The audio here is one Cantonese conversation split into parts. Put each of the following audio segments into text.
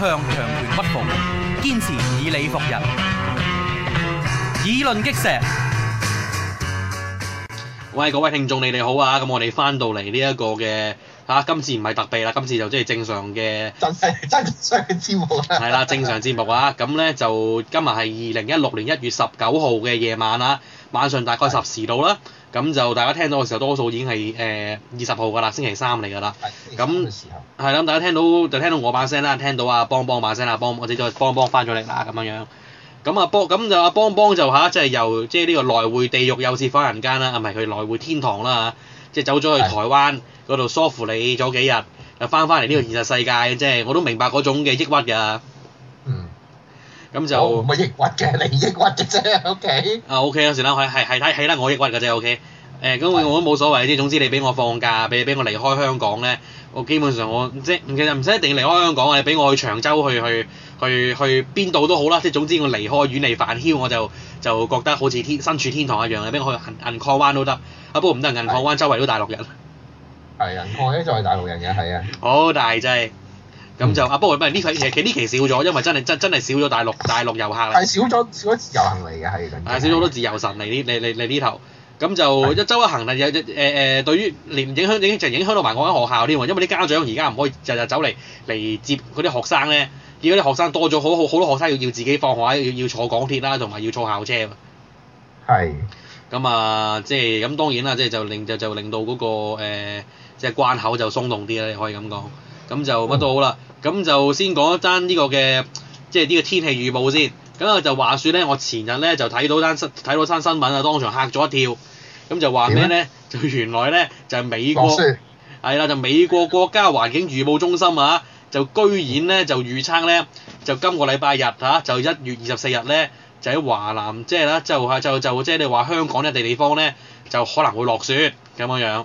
向強權不服，堅持以理服人，議論擊石。喂，各位聽眾你哋好啊！咁我哋翻到嚟呢一個嘅嚇、啊，今次唔係特備啦，今次就即係正常嘅。真係正常嘅節目啦。係啦，正常節目啊！咁呢，就今日係二零一六年一月十九號嘅夜晚啦、啊。晚上大概十時到啦，咁的就大家聽到嘅時候，多數已經係誒二十號㗎啦，星期三嚟㗎啦。咁係啦，大家聽到就聽到我把聲啦，聽到阿邦邦把聲啦，邦或者再邦邦返咗嚟啦咁樣樣。咁啊，啊，邦咁就阿邦邦就嚇、啊，即係由即係呢、呢個來回地獄又折返人間啦，唔、啊、咪？佢來回天堂啦即係走咗去台灣嗰度的梳乎你咗幾日，又返返嚟呢個現實世界，即係、嗯、我都明白嗰種嘅抑鬱㗎。咁就唔係抑鬱嘅，你抑鬱嘅啫，OK？啊 OK，有時咧係係睇係啦，我抑鬱嘅啫，OK？誒咁我都冇所謂啲，總之你俾我放假，俾俾我離開香港咧，我基本上我即其實唔使一定要離開香港啊，你俾我去長洲去去去去邊度都好啦，即總之我離開遠離煩囂，我就就覺得好似天身處天堂一樣啊！俾我去銀銀礦灣都得啊，不過唔得，銀礦灣周圍都大陸人。係銀礦咧，就係大陸人嘅，係啊。好大劑。咁就啊，不過咩呢期呢期少咗，因為真係真真係少咗大陸大陸遊客啦。係少咗少咗遊客嚟嘅係少咗好多自由行嚟啲嚟嚟嚟呢頭，咁就一周一行啦。有有誒誒，對於連影響就影，影響到埋我間學校添因為啲家長而家唔可以日日走嚟嚟接嗰啲學生咧，依家啲學生多咗，好好好多學生要要自己放學要，要坐港鐵啦，同埋要坐校車啊。咁係啊，即係咁當然啦，即係就令就就，就，就，就，就，就令到嗰、嗰個即係、呃即係、關口就鬆動啲你可以咁講。咁就乜都好啦，咁、嗯、就先講一單呢個嘅，即係呢個天氣預報先。咁啊就話說咧，我前日咧就睇到單新睇到單新聞啊，當場嚇咗一跳。咁就話咩咧？就原來咧就係美國，係啦雪就美國國家環境預報中心啊，就居然咧就預測咧就今個禮拜日嚇、啊、就一月二十四日咧就喺華南即係啦就係、是、就就即係、就是、你話香港呢啲地方咧就可能會落雪咁樣樣。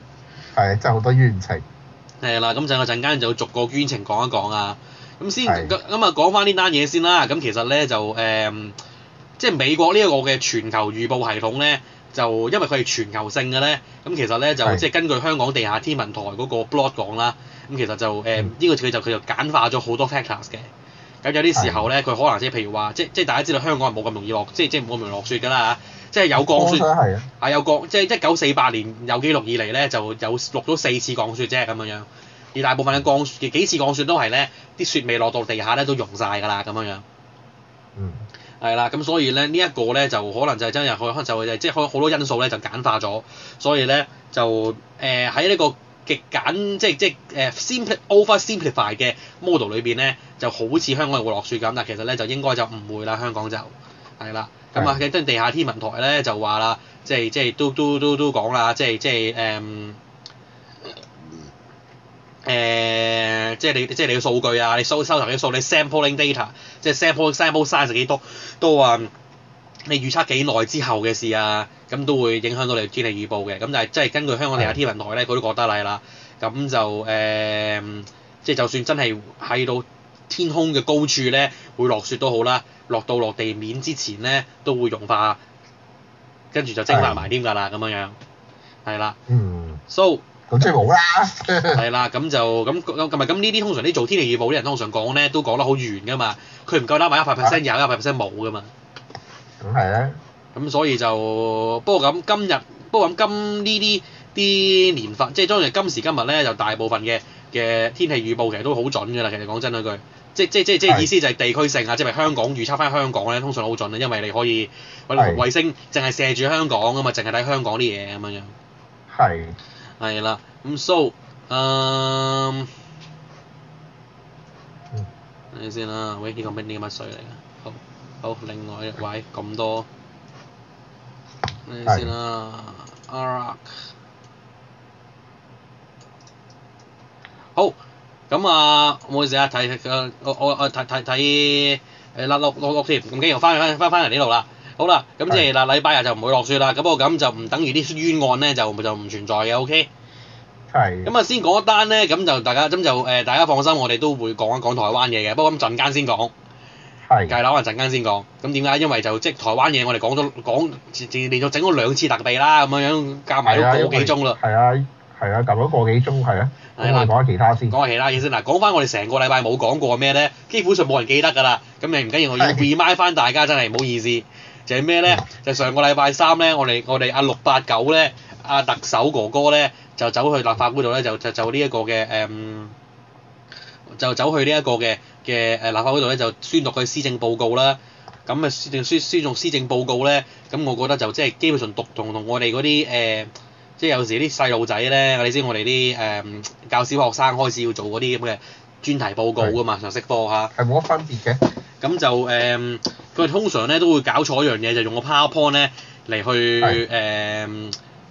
係，真係好多冤情。係啦，咁就我陣間就逐個冤情講一講啊。咁先咁咁啊，講翻呢單嘢先啦。咁其實咧就誒、嗯，即係美國呢一個嘅全球預報系統咧，就因為佢係全球性嘅咧，咁其實咧就即係的根據香港地下天文台嗰個 blog 講啦。咁其實就誒，呢個就佢就簡化咗好多 factors 嘅。咁有啲時候咧，佢的可能即係譬如話，即即係大家知道香港係冇咁容易落，即係即係冇咁容易落雪㗎啦嚇。即係有降雪，係、啊、有降，即係一九四八年有記錄以嚟咧，就有落咗四次降雪啫咁樣樣。而大部分嘅降雪幾次降雪都係咧，啲雪未落到地下咧都融晒㗎啦咁樣樣。嗯。係啦，咁所以咧呢一、這個咧就可能就真係可能就即係好多因素咧就簡化咗，所以咧就誒喺、呃、呢個極簡即係即係誒 oversimplify 嘅 model 裏邊咧，就好似香港人會落雪咁，但其實咧就應該就唔會啦，香港就係啦。咁啊，咁真、嗯嗯、地下天文台咧就話啦，即係即係都都都都講啦，即係即係誒誒即係你即係、即係、你嘅數據啊，你收收集嘅數你 sampling data，即係 sample sample size 幾多，都話你預測幾耐之後嘅事啊，咁、嗯、都會影響到你嘅天氣預報嘅，咁、嗯、但係即係根據香港地下天文台咧，佢、嗯、都覺得係啦，咁就誒即係就算真係喺到。天空嘅高處咧，會落雪都好啦，落到落地面之前咧，都會融化，跟住就蒸發埋添㗎啦，咁樣樣，係啦，嗯，so 咁即係冇啦，係啦，咁就咁同埋咁呢啲通常啲做天氣預報啲人通常講咧，都講得好圓㗎嘛，佢唔夠膽話一百 percent 有，一百 percent 冇㗎嘛，咁係啊，咁所以就不過咁今日不過咁今呢啲啲年份即係當然今時今日咧，就大部分嘅嘅天氣預報其實都好準㗎啦，其實講真嗰句。即即即即意思就係地區性啊，即係香港預測翻香港咧，通常好準啊，因為你可以揾個衛星，淨係射住香港啊嘛，淨係睇香港啲嘢咁樣。係。係啦，咁 so，嗯，你先啦，喂，呢個咩呢？咁係乜水嚟啊？好，好，另外一位咁多，你先啦，Arach，好。咁啊，唔好意思啊，睇個我我我睇睇睇誒落落落落先，咁既然翻翻翻翻嚟呢度啦，好啦，咁即係嗱，禮拜日就唔會落雪啦，咁不過咁就唔等於啲冤案咧就就唔存在嘅，OK？係。咁啊，先講一單咧，咁就大家咁就誒大家放心，我哋都會講一講台灣嘢嘅，不過咁陣間先講，係。計樓啊陣間先講，咁點解？因為就即係台灣嘢，我哋講咗講連續整咗兩次特備啦，咁樣樣夾埋都個幾鐘啦，係啊。係啊，咁咗個幾鐘係啊，我哋講下其他先。講下其他嘢先嗱，講翻我哋成個禮拜冇講過咩咧？基本上冇人記得㗎啦。咁你唔緊要，我要 remind 翻大家，真係唔好意思。就係咩咧？就上個禮拜三咧，我哋我哋阿六八九咧，阿特首哥哥咧，就走去立法會度咧，就就就呢一個嘅誒，就走去呢一個嘅嘅誒立法會度咧，就宣讀佢施政報告啦。咁啊，宣宣宣讀施政報告咧，咁我覺得就即係基本上讀同同我哋嗰啲誒。即係有時啲細路仔咧，你我哋知我哋啲誒教小學生開始要做嗰啲咁嘅專題報告㗎嘛，常識多嚇。係冇乜分別嘅。咁就誒，佢、嗯、哋通常咧都會搞錯一樣嘢，就用個 PowerPoint 咧嚟去誒是、呃、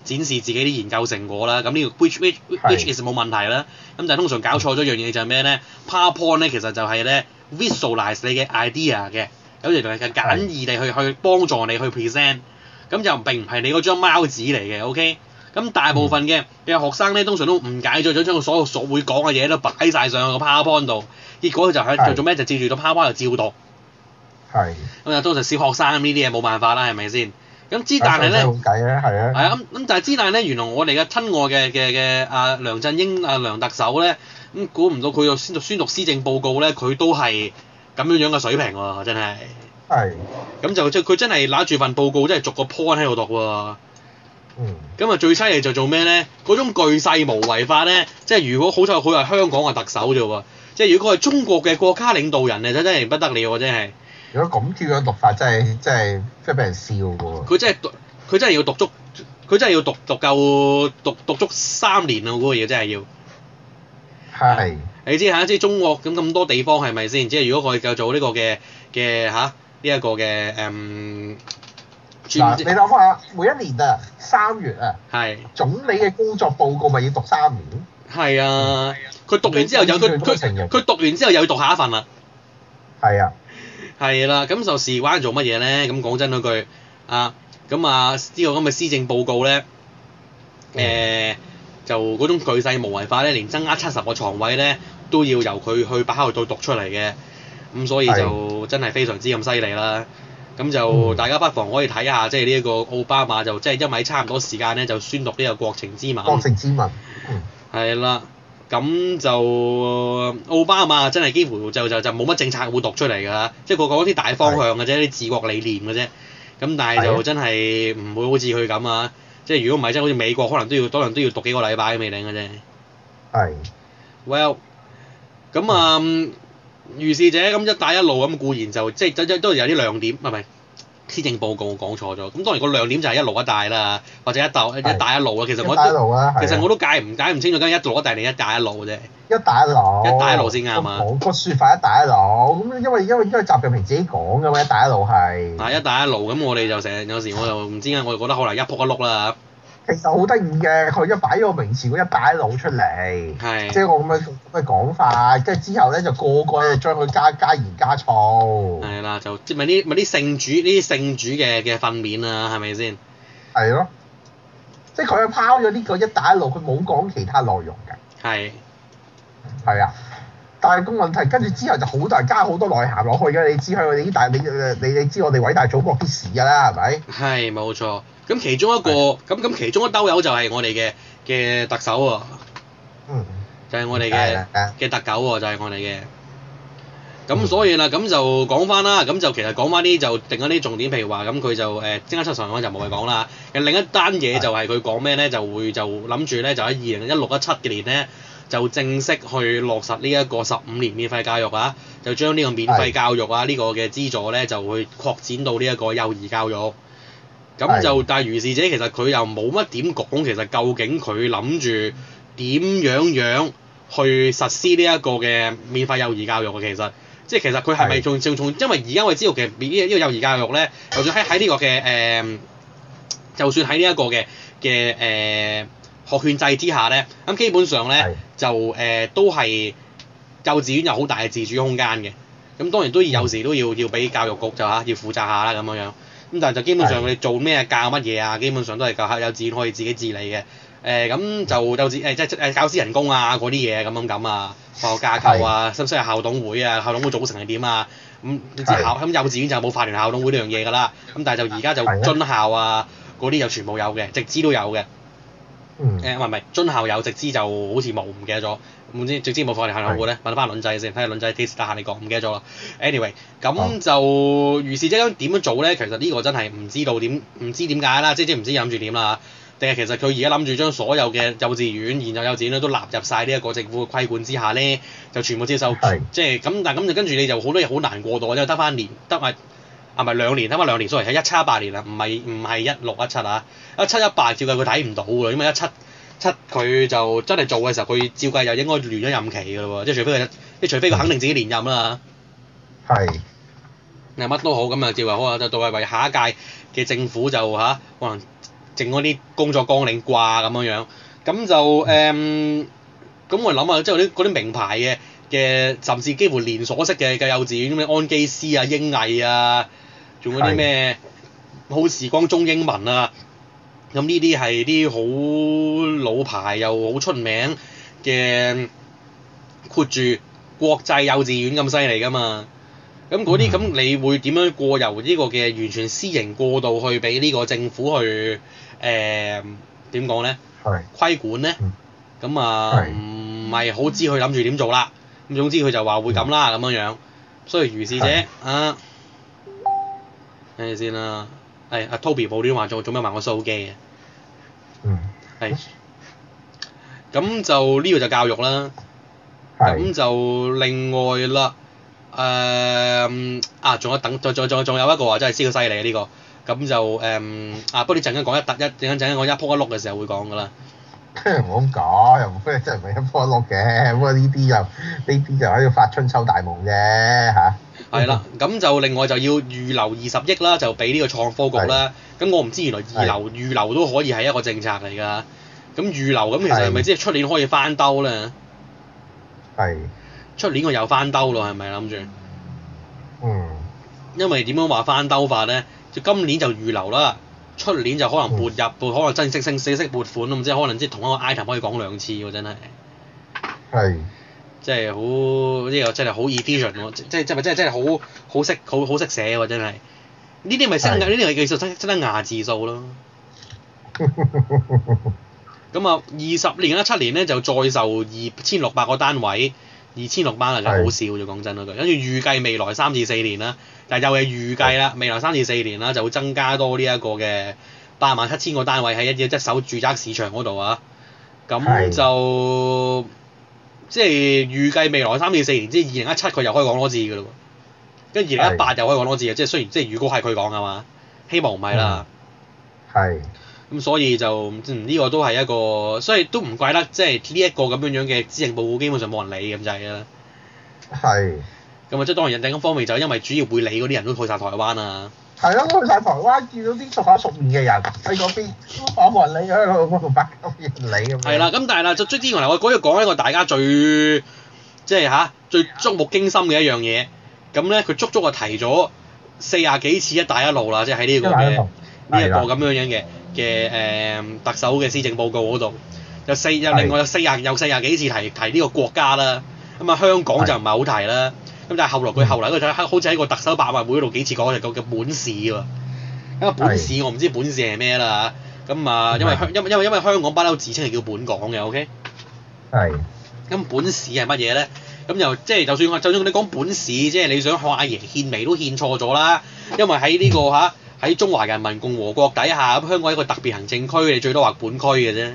展示自己啲研究成果啦。咁呢個 which which is 其實冇問題啦。咁但係通常搞錯咗一樣嘢就係咩咧？PowerPoint 咧其實就係咧 visualize 你嘅 idea 嘅，有時就係簡易地去是去幫助你去 present。咁就並唔係你嗰張貓紙嚟嘅，OK？咁大部分嘅嘅學生咧，通常都誤解咗，想將佢所有所會講嘅嘢都擺晒上去個 PowerPoint 度，結果佢就喺度、是、是就做咩？就照住個 PowerPoint 度照讀。係。咁啊，通常小學生呢啲嘢冇辦法啦，係咪先？咁知但係咧，係啊。係、這個、啊。咁咁就係知但係咧，原來我哋嘅親愛嘅嘅嘅阿梁振英阿梁特首咧，咁估唔到佢又宣讀宣讀施政報告咧，佢都係咁樣樣嘅水平喎，真係。係是。咁就即佢真係攞住份報告，真係逐個 point 喺度讀喎。咁啊、嗯、最犀利就做咩咧？嗰種巨勢無為法咧，即係如果好彩佢係香港嘅特首啫喎，即係如果佢係中國嘅國家領導人咧，真真係不得了喎！真係。如果咁樣讀法真係真係真係俾人笑喎。佢、嗯、真係讀，佢真係要讀足，佢真係要讀讀夠讀讀足三年啊！嗰、嗰個嘢真係要。係是、啊。你知吓？即係中國咁咁多地方係咪先？即係如果佢夠做呢個嘅嘅吓，呢一、啊呢個嘅誒。嗯你諗下，每一年啊，三月啊，啊總理嘅工作報告咪要讀三年？係啊，佢、嗯啊、讀完之後有佢佢佢讀完之後又要讀下一份啦。係啊，係啦、啊，咁、啊、就試玩做乜嘢咧？咁講真嗰句啊，咁啊呢、這個咁嘅施政報告咧，誒、嗯呃、就嗰種巨細無遺化咧，連增加七十個床位咧都要由佢去把口度讀出嚟嘅，咁、嗯所，啊、所以就真係非常之咁犀利啦。咁就、嗯、大家不妨可以睇下，即係呢一個奧巴馬就即係、就是、因為差唔多時間咧，就宣讀呢個國情之文。國情之文，嗯，係啦。咁就奧巴馬真係幾乎就就就冇乜政策會讀出嚟㗎，即、就、係、是、講講啲大方向嘅啫，啲的治國理念嘅啫。咁但係就真係唔會好似佢咁啊！即係的如果唔係，真係好似美國可能都要，多人都要讀幾個禮拜先未領嘅啫。係。Well，咁啊。如是者，咁一帶一路咁固然就即係都都有啲亮點，係咪係咪？施政報告我講錯咗，咁當然個亮點就係一路一帶啦，或者一帶一帶一路啊。其實我都其實我都解唔解唔清楚，究竟一路一帶定一帶一路啫。一帶一路。一帶一路先啱嘛！個説法一帶一路咁，因為因為因為習近平自己講㗎嘛，一帶一路係。係一帶一路咁，我哋就成日，有時我就唔知啊，我就覺得可能一仆一碌啦。其實好得意嘅，佢一擺咗個名詞，佢一帶一路出嚟，的即係我咁樣咁嘅講法，跟住之後咧就個個就將佢加加鹽加醋，係啦，就即係咪啲咪啲聖主呢啲聖主嘅嘅訓勉啊，係咪先？係咯，即係佢拋咗呢個一帶一路，佢冇講其他內容㗎。係的，係啊。大公問題，跟住之後就好多人加好多內涵落去㗎，你知佢你大你你你知我哋偉大祖國啲事㗎啦，係咪？係，冇錯。咁其中一個，咁咁其中一兜友就係我哋嘅嘅特首喎。嗯。就係我哋嘅嘅特狗喎，就係我哋嘅。咁所以啦，咁就講翻啦，咁就其實講翻啲就定一啲重點，譬如話咁佢就誒增加七十五萬就冇嘢講啦。其實另一單嘢就係佢講咩咧，就會就諗住咧就喺二零一六一七嘅年咧。就正式去落實呢一個十五年免費教育啊，就將呢個免費教育啊是的 個資呢個嘅資助咧，就會擴展到呢一個幼兒教育。咁就是的 但係如是者，其實佢又冇乜點講，其實究竟佢諗住點樣樣去實施呢一個嘅免費幼兒教育啊？其實，即係其實佢係咪仲正重？因為而家我哋知道其實免呢呢個幼兒教育咧、呃，就算喺喺呢個嘅誒，就算喺呢一個嘅嘅誒。學券制之下咧，咁基本上咧是就誒、呃、都係幼稚園有好大嘅自主空間嘅，咁當然都有時都要要俾教育局就嚇要負責下啦咁樣樣，咁但係就基本上你做咩教乜嘢啊，基本上都係教嚇幼稚園可以自己治理嘅，誒、呃、咁就幼稚誒即係誒教師人工啊嗰啲嘢咁樣咁啊，學校架構啊，需唔需要校董會啊？校董會組成係點啊？咁校咁幼稚園就冇發聯校董會呢樣嘢㗎啦，咁但係就而家就津校啊嗰啲就全部有嘅，直資都有嘅。誒唔係唔係，津、嗯呃、校有直資就好似冇，唔記得咗。唔知直資冇放嚟限我嘅咧？問翻倫仔先，睇下倫仔幾時得閒你講，唔記得咗啦。anyway，咁就、啊、如是即將點樣做咧？其實呢個真係唔知道點，唔知點解啦。即啫唔知諗住點啦，定係其實佢而家諗住將所有嘅幼稚園、現有幼稚園咧都納入晒呢一個政府嘅規管之下咧，就全部接受，即係咁。但係咁就跟住你就好多嘢好難過到，即為得翻年得埋。係咪兩年？睇翻兩年所謂係一,一,一七一八年啦，唔係唔係一六一七啊？一七一八照計佢睇唔到嘅，因為一七七佢就真係做嘅時候，佢照計又應該完咗任期嘅咯喎，即係除非佢，即係除非佢肯定自己連任啦。係、嗯。你乜都好，咁啊照計可能就到為為下一屆嘅政府就嚇、啊、可能整嗰啲工作綱領掛咁樣樣，咁就誒，咁、嗯嗯、我諗下，即係嗰啲啲名牌嘅嘅，甚至幾乎連鎖式嘅嘅幼稚園，咁啊安基斯啊、英藝啊。仲嗰啲咩好時光中英文啊，咁呢啲係啲好老牌又好出名嘅，括住國際幼稚園咁犀利㗎嘛，咁嗰啲咁你會點樣過由呢個嘅完全私營過渡去俾呢個政府去誒點講咧規管咧？咁、嗯、啊唔係好知佢諗住點做啦。咁總之佢就話會咁啦咁樣樣，所以如是者、嗯、啊。先聽先啦，係阿 Toby 報端話做做咩賣我手機嘅，嗯，係，咁就呢個就教育啦，咁就另外啦，誒啊，仲有等，仲仲仲仲有一個話真係超犀利嘅呢個，咁就誒啊，不過你陣間講一突一,一，陣間陣間我一鋪一碌嘅時候會講噶啦。唔好咁講，又唔非真係一科落嘅，咁啊呢啲又呢啲就喺度發春秋大夢嘅吓？係、啊、啦，咁 就另外就要預留二十億啦，就俾呢個創科局啦。咁的我唔知原來預留的預留都可以係一個政策嚟㗎。咁預留咁其實係咪即係出年可以翻兜咧？係的。出年我又翻兜咯，係咪諗住？嗯。因為點樣話翻兜法咧？就今年就預留啦。出年就可能撥入，可能正式升四式撥款咁即知，可能即係同一個 item e 可以講兩次喎，真係。係是。即係好呢個真係好 efficient 喎，即係即係咪真係真係好好識好好識寫喎，真係、e。呢啲咪新呢啲咪技術真真得牙字數咯。咁啊是，二十年啊七年咧就再售二千六百個單位。二千六班啊，00，就好少，就講是真咯，跟住預計未來三至四年啦，但係又係預計啦，是未來三至四年啦，就會增加多呢一個嘅八萬七千個單位喺一隻一手住宅市場嗰度啊。咁就是即係預計未來三至四年，即係二零一七佢又可以講多次噶嘞喎，跟二零一八又可以講多次嘅，即係雖然即係預估係佢講啊嘛，希望唔係啦。係。咁、嗯、所以就呢、嗯這個都係一個，所以都唔怪得即係呢一個咁樣樣嘅施政報告基本上冇人理咁就係、是、啦。係的。咁啊，即係當然人政嗰方面就是、因為主要會理嗰啲人都去晒台灣啊。係咯，去晒台灣 見到啲熟口熟面嘅人喺嗰邊，都冇人理佢啦。我講到北京理咁樣。係啦，咁但係啦，就卒之原來我講要講一個大家最即係吓、啊，最觸目驚心嘅一樣嘢，咁咧佢足足啊提咗四廿幾次一帶一路啦，即係喺呢個嘅。呢一個咁樣樣嘅嘅誒特首嘅施政報告嗰度，有四有另外有四十有四十幾次提提呢個國家啦，咁、嗯、啊香港就唔係好提啦，咁但係後來佢後來佢好似喺個特首辦話會嗰度幾次講就講叫本市喎，咁、嗯、啊本市我唔知本市係咩啦，咁啊因為香因為因為因為香港不嬲自稱係叫本港嘅，OK？係、嗯。咁本市係乜嘢咧？咁又即係就算我真嗰啲講本市，即係你想看阿阿爺獻媚都獻錯咗啦，因為喺呢、這個嚇。啊喺中華人民共和國底下，咁香港係一個特別行政區，你最多話本區嘅啫。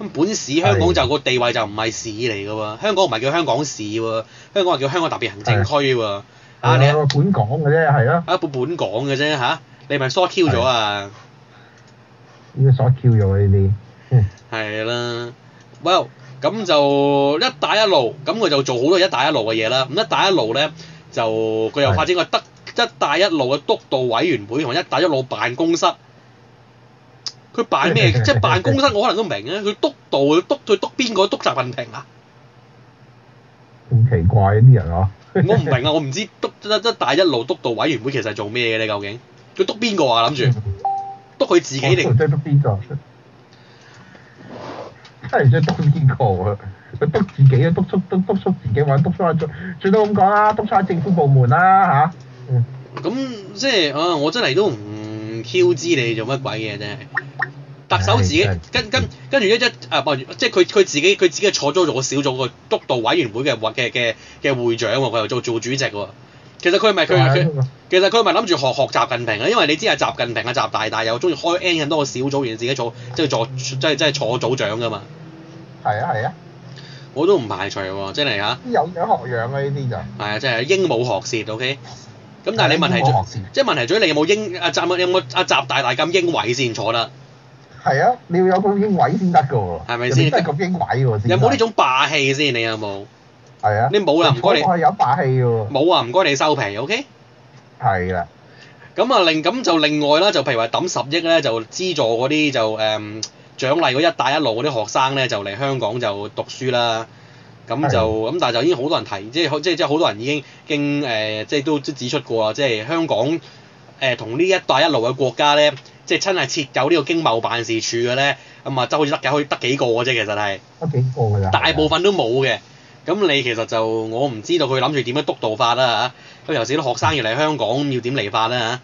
咁本市香港就個地位就唔係市嚟嘅喎，香港唔係叫香港市喎，香港係叫香港特別行政區喎。啊，你有個本港嘅啫，係咯。啊，本本港嘅啫嚇，你咪 short Q 咗啊！呢個 short Q 咗呢啲。係啦，Well，咁就一帶一路，咁佢就做好多一帶一路嘅嘢啦。咁一帶一路咧，就佢又發展個德。一帶一路嘅督導委員會同一帶一路辦公室，佢辦咩？即係辦公室，我可能都明啊。佢督導，佢督，佢督邊個？督習近平啊？咁奇怪啲人啊！我唔明啊！我唔知督一一帶一路督導委員會其實係做咩嘅咧？究竟佢督邊個啊？諗住督佢自己定？係想督邊個啊？佢督自己啊！督促，督，督促自己，或者督促最最多咁講啦，督促喺政府部門啦嚇。咁即係啊，我真係都唔謬知你做乜鬼嘢啫。特首自己跟跟跟住一一啊，即係佢佢自己佢自己坐咗做個小組個督導委員會嘅嘅嘅嘅會長喎，佢又做做主席喎。其實佢咪佢其實佢咪諗住學學習近平啊，因為你知啊，習近平嘅習大大又中意開 N 咁多個小組，然後自己坐即係坐即係即係坐組長噶嘛。係啊係啊，我都唔排除喎，真係嚇。有樣學樣啊！呢啲就係啊，即係鸚鵡學舌。OK。咁但係你問題，即係問題咗，你有冇英阿習啊，有冇阿習大大咁英偉先坐得？係啊，你要有咁英偉先得嘅喎，係咪先？即係咁英偉喎？有冇呢種霸氣先？你有冇？係啊！你冇啊，唔該你。我可以有霸氣嘅喎。冇啊，唔該你收皮，OK？係啦。咁啊，另咁就另外啦，就譬如話抌十億咧，就資助嗰啲就誒獎勵嗰一帶一路嗰啲學生咧，就嚟香港就讀書啦。咁就咁，但係就已經好多人提，即係即係即係好多人已經經誒，即係都都指出過啦，即係香港誒同呢一帶一路嘅國家咧，即係真係設有呢個經貿辦事處嘅咧，咁啊真係好似得嘅，可以得幾個嘅啫，其實係得幾個㗎。大部分都冇嘅。咁你其實就我唔知道佢諗住點樣督導法啦嚇。咁尤其是啲學生要嚟香港要點嚟法啦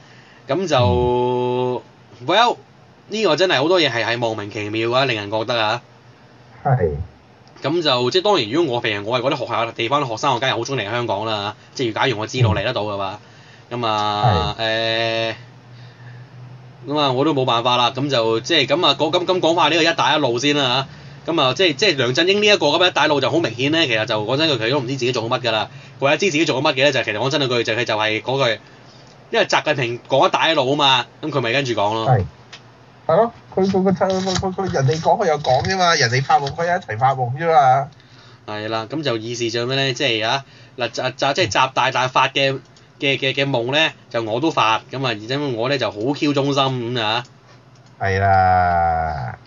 嚇。咁就，Well，呢個真係好多嘢係係莫名其妙呀，令人覺得嚇。係。咁就即係當然，如果我譬如，我係嗰啲學校地方啲學生，我梗係好中意嚟香港啦。即係假如我知道嚟得到嘅話，咁啊誒，咁啊是的、呃、我都冇辦法啦。咁就即係咁啊，咁咁講下呢個一帶一路先啦。咁啊，即係即係梁振英呢一個咁一帶路就好明顯咧。其實就講真句，佢都唔知自己做過乜嘅啦。佢一知自己做過乜嘅咧，就是、其實講真嗰句就係、是、就係、是、嗰句，因為習近平講一,一帶一路啊嘛，咁佢咪跟住講咯是的。係咯，佢佢個佢佢佢人哋講佢又講啫嘛，人哋發夢佢又一齊發夢啫嘛。係啦，咁就意思咗咩咧？即係啊，嗱習習即係習大大發嘅嘅嘅嘅夢咧，就我都發咁啊，而因為我咧就好 Q 忠心咁啊。係啦。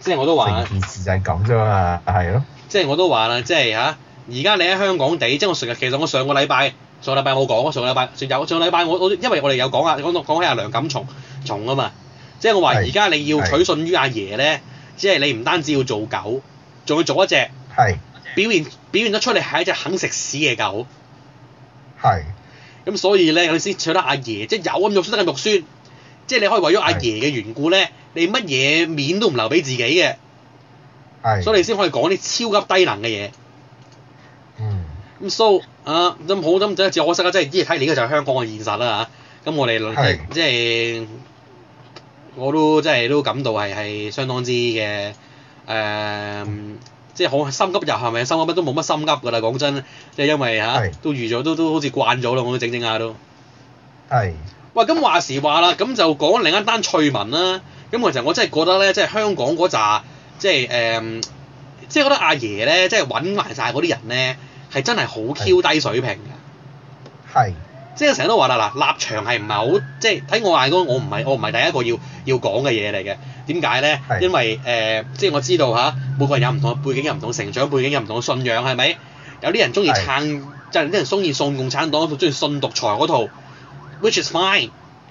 即係我都話。成件事就係咁啫嘛，係咯。即係我都話啦，即係嚇，而家你喺香港地，即係我成日其實我上個禮拜，上個禮拜冇講啊，上個禮拜有上個禮拜我我因為我哋有講啊，講講起阿梁錦松松啊嘛。即係我話而家你要取信於阿爺咧，的即係你唔單止要做狗，仲要做一隻，的表現表現得出你係一隻肯食屎嘅狗。係的。咁所以咧，你先取得阿爺，即係有咁肉酸得咁肉酸，即係你可以為咗阿爺嘅緣故咧，你乜嘢面都唔留俾自己嘅。係的。所以你先可以講啲超級低能嘅嘢。嗯。咁 so 啊，咁好咁，真係只可惜啦，即係依啲睇嚟個就係香港嘅現實啦嚇。咁、啊、我哋兩的即係。的的我都真係都感到係係相當之嘅誒、呃，即係好心急又係咪？是是心急都冇乜心急噶啦，講真，即係因為嚇都預咗，都都，都好似慣咗咯，我都整整下都係。哇是！咁話時話啦，咁就講另一單趣聞啦。咁其實我真係覺得咧，即係香港嗰扎即係誒，即係、呃、覺得阿爺咧，即係揾埋晒嗰啲人咧，係真係好 Q 低水平嘅。係。即係成日都話啦，嗱，立場係唔係好，即係睇我話我唔係我唔係第一個要要講嘅嘢嚟嘅。點解咧？是的 因為誒、呃，即係我知道嚇，每個人有唔同嘅背景，有唔同成長背景，有唔同嘅信仰，係咪？有啲人中意撐，就係啲人中意送共產黨嗰套，中意信獨裁嗰套，which is fine。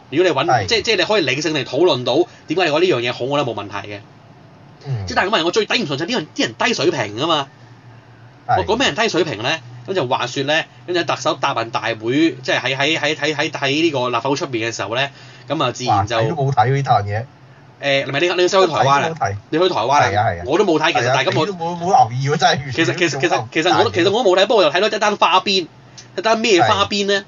如果你揾是的，即係即係你可以理性嚟討論到點解我呢樣嘢好，我都冇問題嘅。即係、嗯、但係咁話，我最頂唔順就係呢人啲人低水平啊嘛。的我講咩人低水平咧？咁就話說咧，跟住特首答問大會，即係喺喺喺喺喺呢個立法會出邊嘅時候咧，咁啊自然就都、欸、你都冇睇呢啲嘢？誒，唔你你你去台灣啊？你去台灣嚟？我都冇睇，其實大家咁冇冇留意喎，真係。其實其實其實其實我其實、啊、我冇睇，不過又睇到一單花邊，啊、一單咩花邊咧？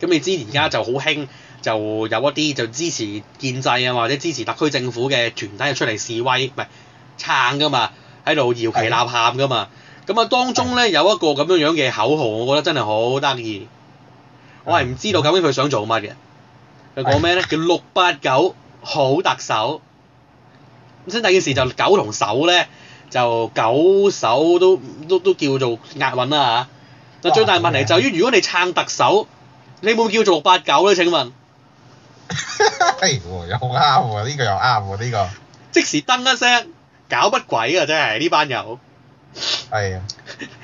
咁、啊、你知而家就好興，就有一啲就支持建制啊，或者支持特區政府嘅團體出嚟示威，唔係撐噶嘛，喺度搖旗吶喊噶嘛。的咁啊，當中咧有一個咁樣樣嘅口號，我覺得真係好得意。我係唔知道究竟佢想做乜嘅。佢講咩咧？叫六八九好特首。咁先第二件事就九同首咧，就九首，首都都都叫做押韻啦、啊、嚇。但哇最大問題就於、是、麼如果你撐特首，你冇叫做六八九咧？請問。嘿喎、 哎，又啱喎！呢、這個又啱喎！呢、這個。即時登一聲，搞乜鬼啊！真係呢班友。係 啊！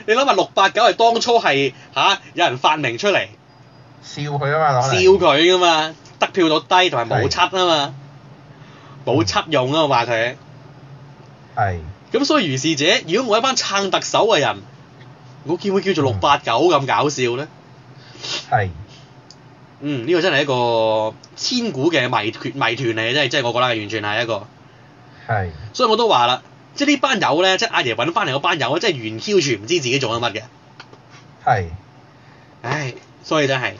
你諗下六八九係當初係嚇有人發明出嚟，笑佢啊嘛！笑佢㗎嘛，得票率低同埋冇柒啊嘛，冇柒是用啊嘛話佢。係。咁是所以如是者，如果我一班撐特首嘅人，我叫唔叫做六八九咁搞笑咧？係是。嗯、呢、這個真係一個千古嘅謎團謎團嚟嘅，真係真我覺得係完全係一個。係是。所以我都話啦。即係呢班友咧，即係阿爺揾翻嚟嗰班友咧，即係完 Q 全唔知自己做緊乜嘅。係是。唉，所以真係，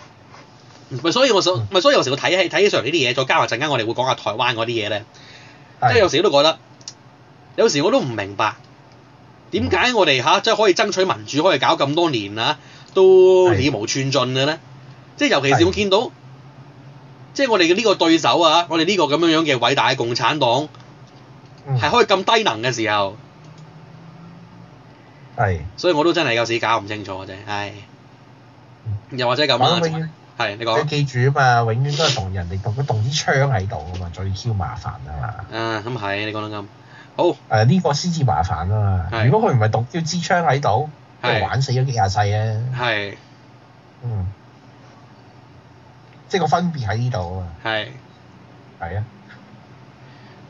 唔係所以我想，唔係所以有時我睇起睇起上嚟呢啲嘢，再加埋陣間我哋會講下台灣嗰啲嘢咧，是即係有時我都覺得，有時我都唔明白點解我哋吓、嗯啊，即係可以爭取民主可以搞咁多年啊，都渺無寸進嘅咧。即係是尤其是我是見到，即係我哋呢個對手啊，我哋呢個咁樣樣嘅偉大嘅共產黨。係開咁低能嘅時候，係，所以我都真係有時搞唔清楚嘅啫，唉，又或者咁啊，係你講，你記住啊嘛，永遠都係同人哋動咗動支槍喺度啊嘛，最嬌麻煩啊嘛，啊咁係，你講得啱，好，誒呢個先至麻煩啊嘛，如果佢唔係動咗支槍喺度，都玩死咗幾廿世啊，係，嗯，即係個分別喺呢度啊，係，係啊。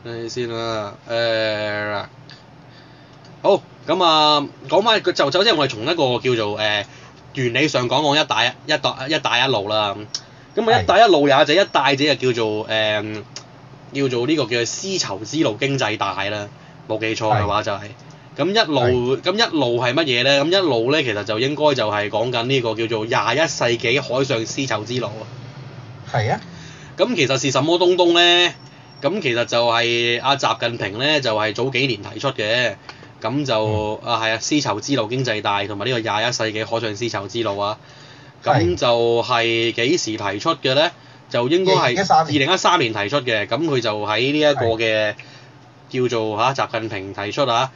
嗱先啦，誒、呃，好咁啊，講翻個就首先我哋從一個叫做誒、呃、原理上講講一帶一帶一帶一路啦。咁啊，一帶一路也就的一帶一者，一帶者就叫做誒、呃、叫做呢個叫做絲綢之路經濟帶啦。冇記錯嘅話的就係、是、咁一路咁的一路係乜嘢咧？咁一路咧其實就應該就係講緊呢個叫做廿一世紀海上絲綢之路啊。係啊的。咁其實是什麼東東咧？咁其實就係阿習近平咧，就係、是、早幾年提出嘅。咁就、嗯、啊係啊絲綢之路經濟帶同埋呢個廿一世紀海上絲綢之路啊。咁是就係幾時提出嘅咧？就應該係二零一三年提出嘅。咁佢就喺呢一個嘅是叫做嚇、啊、習近平提出啊。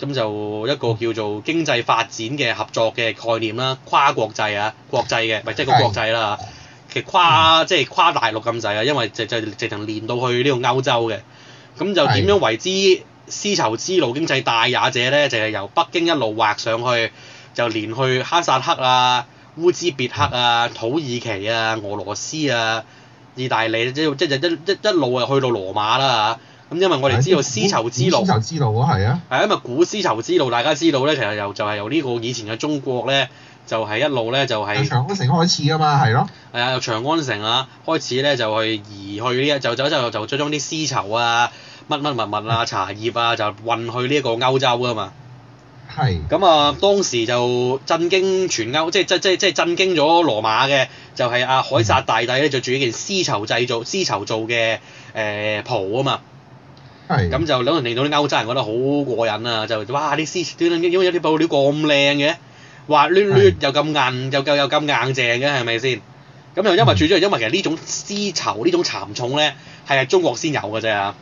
咁就一個叫做經濟發展嘅合作嘅概念啦、啊，跨國際啊，國際嘅，咪即係個國際啦。是其實跨即係跨大陸咁滯啊，因為直直直情連到去呢個歐洲嘅，咁就點樣為之的絲綢之路經濟帶或者咧就係、是、由北京一路畫上去，就連去哈薩克啊、烏茲別克啊、土耳其啊、俄羅斯啊、意大利即即就一一一路啊去到羅馬啦嚇，咁因為我哋知道絲綢之路絲綢之路嗰係啊，係因為古絲綢之路大家知道咧，其實由就係、是、由呢個以前嘅中國咧。就係一路咧、就是，就係。喺長安城開始啊嘛，係咯。係啊，由長安城啊開始咧，就去移去呢一就走走，就將啲絲綢啊、乜乜物物啊、茶葉啊，就運去呢一個歐洲啊嘛。係的。咁啊、嗯，當時就震驚全歐，即係即即即係震驚咗羅馬嘅、啊，就係阿凱撒大帝咧，就著一件絲綢製造絲綢做嘅誒袍啊嘛。係的。咁就令到啲歐洲人覺得好過癮啊！就哇，啲絲料料因為有啲布料咁靚嘅。滑捋捋，又咁硬又夠又咁硬正嘅係咪先？咁又因為最主要因為其實種絲綢種呢種絲綢呢種蠶蟲咧係係中國先有㗎啫，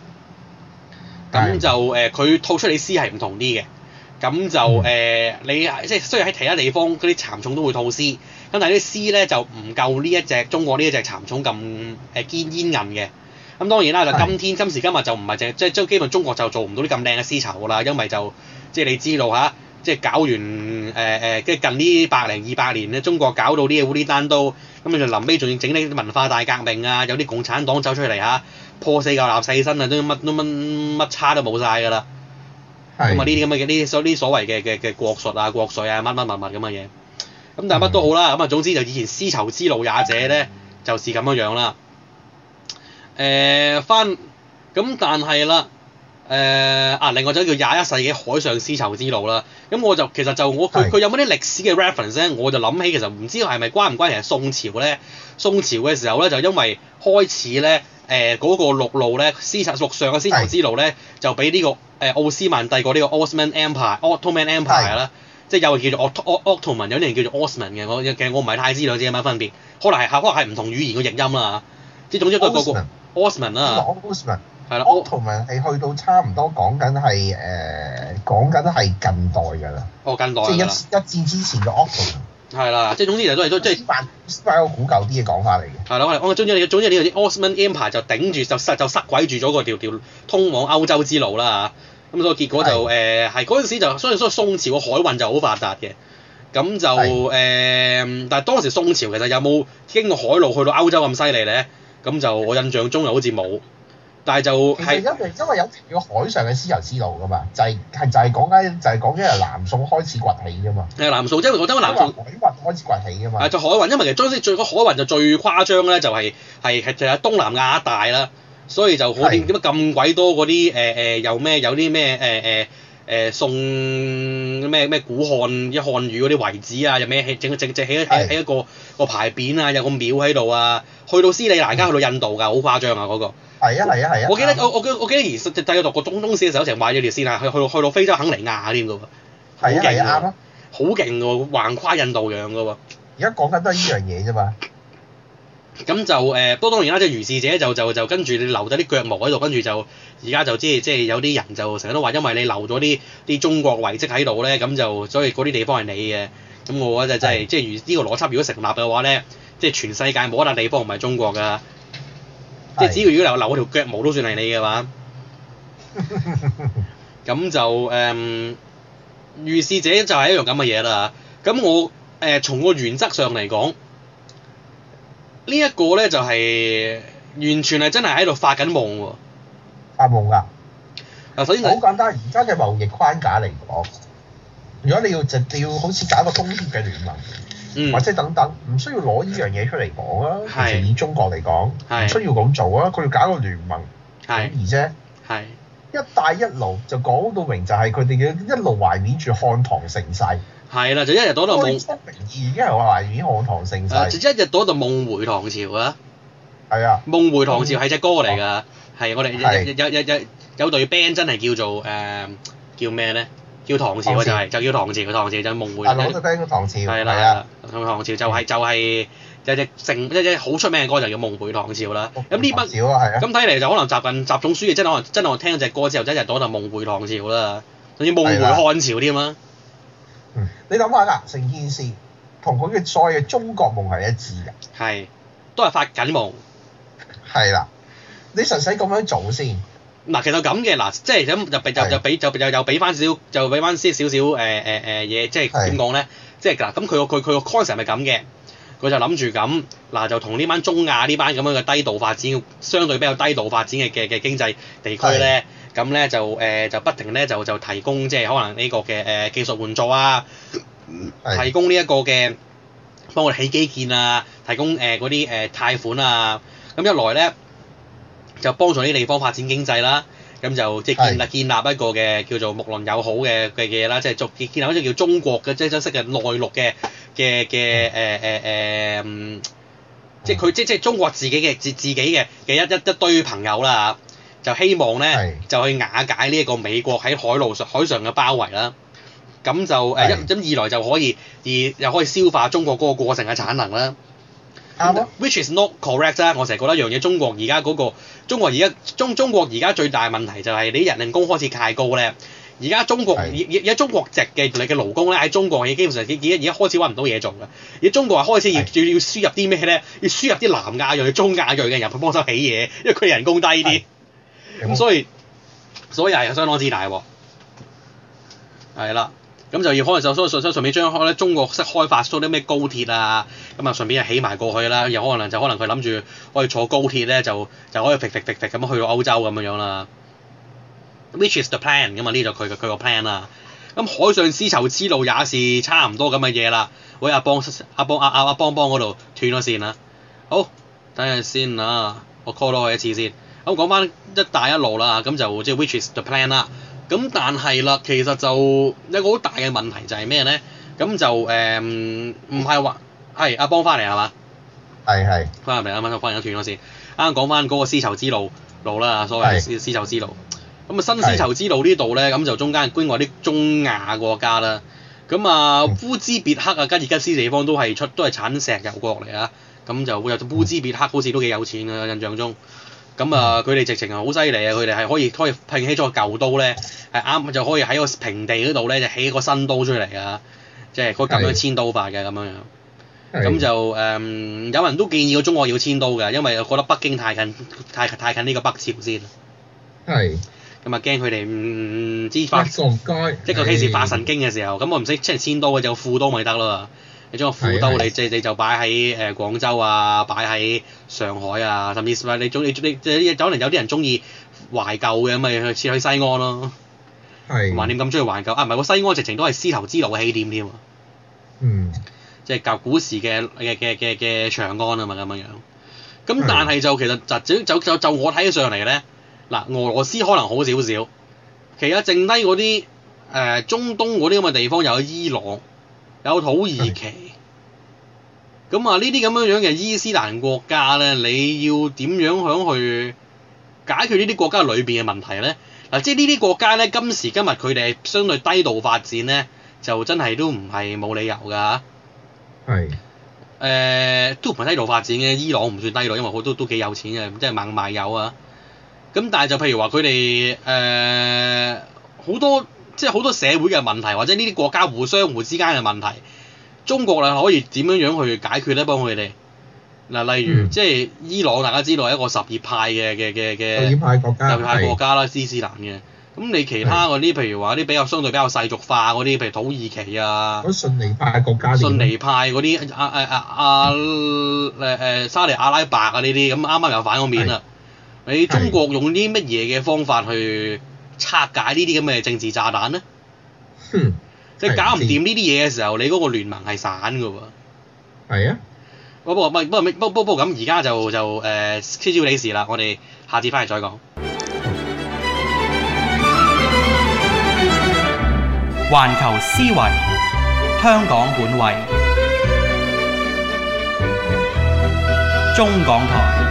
咁就誒佢吐出嚟絲係唔同啲嘅，咁就誒、呃、你即係雖然喺其他地方嗰啲蠶蟲都會吐絲，咁但係啲絲咧就唔夠呢一隻中國呢一隻蠶蟲咁誒堅煙韌嘅，咁當然啦就今天是今時今日就唔係淨係即係將基本中國就做唔到啲咁靚嘅絲綢㗎啦，因為就即係你知道嚇。即係搞完誒誒，即、呃、係近呢百零二百年咧，中國搞到呢啲烏煙瘴氣咁，你就臨尾仲要整呢啲文化大革命啊，有啲共產黨走出嚟嚇、啊，破四舊立四新啊，都乜都乜乜差都冇晒㗎啦。咁啊的，呢啲咁嘅呢所呢所謂嘅嘅嘅國術啊、國粹啊、乜乜乜乜咁嘅嘢，咁但係乜都好啦，咁啊總之就以前絲綢之路也者咧，就是咁樣樣啦。誒、呃，翻咁但係啦。誒啊！另外就叫廿一世紀海上絲綢之路啦，咁我就其實就我佢佢有冇啲歷史嘅 reference 咧？我就諗起其實唔知係咪關唔關係宋朝咧？宋朝嘅時候咧，就因為開始咧誒嗰個陸路咧絲綢陸上嘅絲綢之路咧，就俾呢個誒奧斯曼帝國呢個 Ottoman Empire、Ottoman Empire 啦，即係又叫做 Ott O Ottoman 有啲人叫做 Osman 嘅，我其實我唔係太知兩者有乜分別，可能係可能係唔同語言嘅譯音啦即係總之都個個 Osman 啦係咯 Ottoman 去到差唔多講緊係誒，講緊係近代㗎啦，即係、哦、一的一戰之前嘅 Ottoman 啦，即係總之就都係都即係翻個古舊啲嘅講法嚟嘅。係啦，我哋我總之、就是、總之呢個 Ottoman Empire 就頂住就，就塞就塞鬼住咗個叫條通往歐洲之路啦咁、啊嗯、所以結果就誒係嗰陣時就所以所以宋朝個海運就好發達嘅，咁就誒的，但係當時宋朝其實有冇經過海路去到歐洲咁犀利咧？咁就我印象中又好似冇。但係就係因為有條叫海上嘅絲綢之路㗎嘛，就係係就係講緊就係講緊係南宋開始崛起㗎嘛。係南宋，即係我覺得南宋海運開始崛起㗎嘛。就海運，因為其實中西最個海運就最誇張咧，就係係係就係東南亞大啦，所以就好見點解咁鬼多嗰啲誒誒又咩有啲咩誒誒誒宋咩咩古漢一漢語嗰啲遺址啊，又咩整整整起一個個牌匾啊，有個廟喺度啊，去到斯里蘭卡去到印度㗎，好誇張啊嗰個。係我啊，係啊，係啊吧！我記得我我我記得而細細個讀過中中史嘅時候，成日話咗條線啊，去去到去到非洲肯尼亞添㗎喎，勁啊，好勁喎，橫跨印度洋㗎喎。而家講緊都係呢樣嘢啫嘛。咁就誒，不過當然啦，即係如是者就就就，就跟住你留低啲腳毛喺度，跟住就而家就即係即係有啲人就成日都話，因為你留咗啲啲中國遺蹟喺度咧，咁就所以嗰啲地方係你嘅。咁我就真係即係呢個邏輯，如果成立嘅話咧，即係全世界冇一笪地方唔係中國㗎。即係只要如果留留我條腳毛都算係你嘅話，咁 就誒如是者就係一樣咁嘅嘢啦。咁我誒、呃、從個原則上嚟講，這個、呢一個咧就係、是、完全係真係喺度發緊夢喎，發夢噶。啊，啊所以好、就是、簡單，而家嘅貿易框架嚟講，如果你要直要好似搞個工業嘅聯盟，或者等等，唔需要攞依樣嘢出嚟講啊！其實以是中國嚟講，唔是需要咁做啊！佢要搞個聯盟，名義啫。係一帶一路就講到明，就係佢哋嘅一路懷念住漢唐盛世，世。係啦，就一日到，喺度夢。名義已經係懷念漢唐盛世。就一日到到度夢回唐朝啊！係啊、嗯，夢回唐朝係隻歌嚟㗎，係我哋有的我有有有隊 band 真係叫做誒叫咩咧？叫唐，唐、就是、唐朝就係、是、就、是就是、就叫唐朝，嘅。唐朝就夢迴。係啦、嗯，講得啲唐朝。係啦、嗯，同唐朝就係就係有隻成一隻好出名嘅歌就叫夢回唐朝啦。咁呢筆咁睇嚟就可能習近習總書記嘅，真可能真可能真我聽嗰隻歌之後，真係當作夢迴唐朝啦，仲似夢回漢朝添咁、嗯、你諗下啦，成、啊、件事同佢嘅所謂嘅中國夢係一致嘅。係，都係發緊夢。係啦， 你實使咁樣做先。嗱，其實咁嘅，嗱，即係咁就俾就就俾就又又俾翻少，就俾翻少少誒誒誒嘢，即係點講咧？即係嗱，咁佢個佢佢個 concept 係咁嘅，佢就諗住咁，嗱就同呢班中亞呢班咁樣嘅低度發展，相對比較低度發展嘅嘅嘅經濟地區咧，咁咧是就誒、呃、就不停咧就就提供即係可能呢個嘅誒技術援助啊，提供呢一個嘅幫我哋起基建啊，提供誒嗰啲誒貸款啊，咁一來咧。就幫助呢啲地方發展經濟啦，咁就即係建立是建立一個嘅叫做睦鄰友好嘅嘅嘢啦，即係逐建建立一種叫中國嘅即係一種式嘅內陸嘅嘅嘅誒誒誒，即係佢即即係中國自己嘅自自己嘅嘅一一一堆朋友啦，就希望咧是就去瓦解呢一個美國喺海路上海上嘅包圍啦，咁就誒一咁二來就可以而又可以消化中國嗰個過剩嘅產能啦。Which is not correct 啦！我成日覺得一樣嘢中國而家嗰個中國而家中中國而家最大嘅問題就係你人工開始太高咧。而家中國而家是的 中國籍嘅你嘅勞工咧，喺中國已經基本上而家開始揾唔到嘢做嘅。而中國話開始要要是的 要輸入啲咩咧？要輸入啲南亞裔、中亞裔嘅人去幫手起嘢，因為佢人工低啲。咁所以，所以係相當之大喎。係啦。咁就要可能就所以順順順便將開咧中國式開發嗰啲咩高鐵啊，咁啊順便又起埋過去啦，有可能就可能佢諗住可以坐高鐵咧就就可以揈揈揈揈咁去到歐洲咁樣樣啦。Which is the plan？咁啊呢度佢佢個 plan 啦。咁海上絲綢之路也是差唔多咁嘅嘢啦。喂，阿邦阿邦阿阿阿邦邦嗰度斷咗線啦。好，等陣先啊，我 call 多佢一次先。咁講翻一帶一路啦，咁就即係 which is the plan 啦。咁但係啦，其實就一個好大嘅問題就係咩咧？咁就誒唔係話係阿邦翻嚟係嘛？係係翻嚟啊！我翻完一段嗰先啱講翻嗰個絲綢之路路啦，所謂絲絲綢之路。咁啊是新絲綢之路呢度咧，咁就中間關外啲中亞國家啦。咁是啊烏茲別克、啊吉爾吉斯地方都係出都係產石油國嚟啊！咁就會有烏茲別克好似都幾有錢啊，印象中。咁啊，佢哋、嗯、直情係好犀利啊！佢哋係可以可以拼起咗個舊都咧，係啱就可以喺個平地嗰度咧就起個新都出嚟啊。即係佢咁樣遷都法嘅咁樣樣。咁的就誒、呃，有人都建議過中國要遷都嘅，因為我覺得北京太近，太太近呢個北朝鮮。係的。咁啊、嗯，驚佢哋唔知發，個即係尤其是發神經嘅時候，咁的我唔識即係遷都嘅，副都就副都咪得咯。你將個褲兜你即係就擺喺誒廣州啊，擺喺上海啊，甚至你中你你你可能有啲人中意懷舊嘅咁咪去去西安咯，橫掂咁中意懷舊啊，唔係喎，西安直情都係絲綢之路嘅起點添，嗯，即係舊古時嘅嘅嘅嘅嘅長安啊嘛咁樣樣，咁但係就是其實就就就，就我睇得上嚟咧，嗱，俄羅斯可能好少少，其實剩低嗰啲誒中東嗰啲咁嘅地方又有伊朗。有土耳其，咁的啊呢啲咁樣樣嘅伊斯蘭國家咧，你要點樣響去解決呢啲國家裏邊嘅問題咧？嗱、啊，即係呢啲國家咧，今時今日佢哋相對低度發展咧，就真係都唔係冇理由㗎嚇。係的、呃。都唔係低度發展嘅，伊朗唔算低度，因為佢都都幾有錢嘅，即係猛賣油啊。咁但係就譬如話佢哋誒好多。即係好多社會嘅問題，或者呢啲國家互相互之間嘅問題，中國你可以點樣樣去解決咧？幫佢哋嗱，例如即係伊朗，大家知道係一個什葉派嘅嘅嘅嘅什葉派國家，什葉派國家啦，斯斯蘭嘅。咁你其他嗰啲，譬如話啲比較相對比較世俗化嗰啲，譬如土耳其啊，嗰遜尼派國家，遜尼派嗰啲阿誒阿阿誒誒沙利阿拉伯啊呢啲，咁啱啱又反個面啦。你中國用啲乜嘢嘅方法去拆解呢啲咁嘅政治炸彈咧，嗯、即係搞唔掂呢啲嘢嘅時候，嗯、你嗰個聯盟係散嘅喎。係啊，嗰波咪，不過咪，不不不不咁，而家就就誒，草草了事啦，我哋下次翻嚟再講。環球思維，香港本位，中港台。